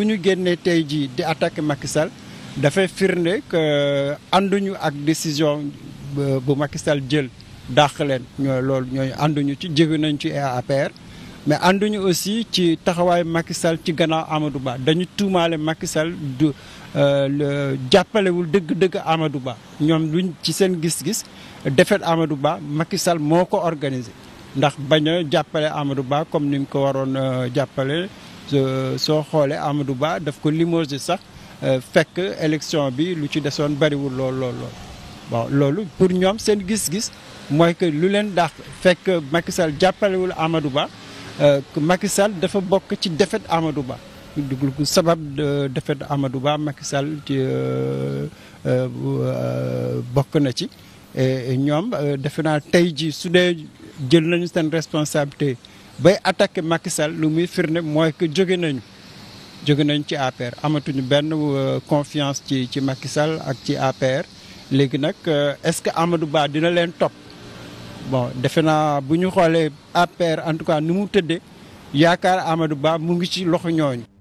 bu ñu génnee tey jii di attaquer Macky Sall dafay firnde que euh, ànduñu ak décision bu Macky Sall jël dàq leen ñoo loolu ñooñu ànduñu ci jégu nañ ci APR. mais ànduñu aussi ci taxawaayu Macky Sall ci gannaaw Amadou Ba dañu tuumaale Macky Sall euh, jàppalewul dëgg-dëgg Amadou Ba ñoom luñ ci seen gis-gis defet Amadou Ba Macky Sall moo ko organisé ndax bañ jàppale Amadou Ba comme ni mu ko waroon euh, jàppale. Euh, soo xoolee Amadou Ba daf ko limogé sax euh, fekk élection bi lu ci desoon bariwul lool lool loolu pour ñoom seen gis-gis mooy que lu leen daax fekk Macky jàppalewul amadu Ba euh, Macky Sall dafa bokk ci défaite amadu Ba duglu ko sabab défaite Amadou Ba Macky Sall ci bokk na ci e ñoom defe naa tey ji su dee jël nañu seen responsabilité bay attaque Macky lu muy firnde mooy que jóge nañu jóge nañu ci APR amatuñu benn euh, confiance ci ci Macky Sall ak ci APR léegi nag euh, est-ce que Amadou Ba dina leen topp bon defe naa bu ñu xoolee APR en tout cas ni mu tëddee yaakaar Amadou Ba mu ngi ci loxo ñooñu.